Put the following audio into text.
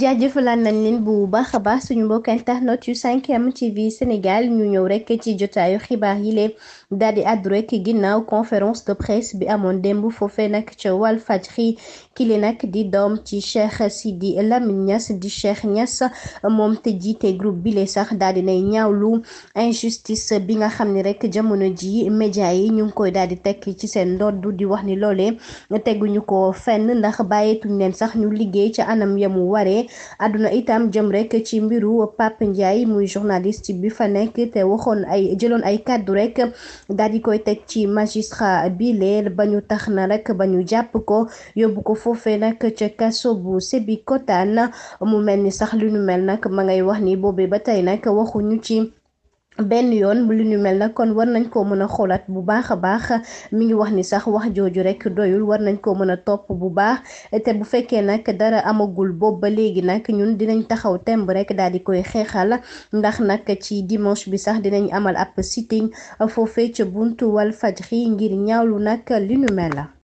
jaajëfalaan nañ leen bu baax a baax suñu mbokk internet yu 5M TV Sénégal ñu ñëw rek ci jotaayu xibaar yi lee daal di àddu rek ginnaaw conférence de presse bi amoon démb foofee nag ca Walf Fadjri kile nag di doom ci Cheikh Sidi Lamine Niass di Cheikh Niass moom te jiite groupe bi sax daal di nay ñaawlu injustice bi nga xam ni rek jamono ji média yi ñu ngi koy daal di tekk ci seen ndodd di wax ni loolee teguñu ko fenn ndax bàyyeetuñ leen sax ñu liggéey ca anam yamu waree àdduna itam jëm rekk ci mbiru Pape njaay muy journaliste bi fa nekk te waxoon ay jëloon ay kàddu rek daal di koy teg ci magistrat bi leel ba ñu tax na rekk ba ñu jàpp ko yóbbu ko foofee nag ca kaso bu Sébikotane mu mel ni sax li nu mel nag ma ngay wax ni boobee ba tey nag waxuñu ci. benn yoon li ñu mel nag kon war nañ koo mën a xoolaat bu baax a baax mi ngi wax ni sax wax jooju rek doyul war nañ koo mën a topp bu baax te bu fekkee nag dara amagul boobu ba léegi nag ñun dinañ taxaw temb rek daal di koy xeexal ndax nag ci dimanche bi sax dinañ amal ab sitting foofee ca faj Walfadjri ngir ñawlu nag li ñu mel la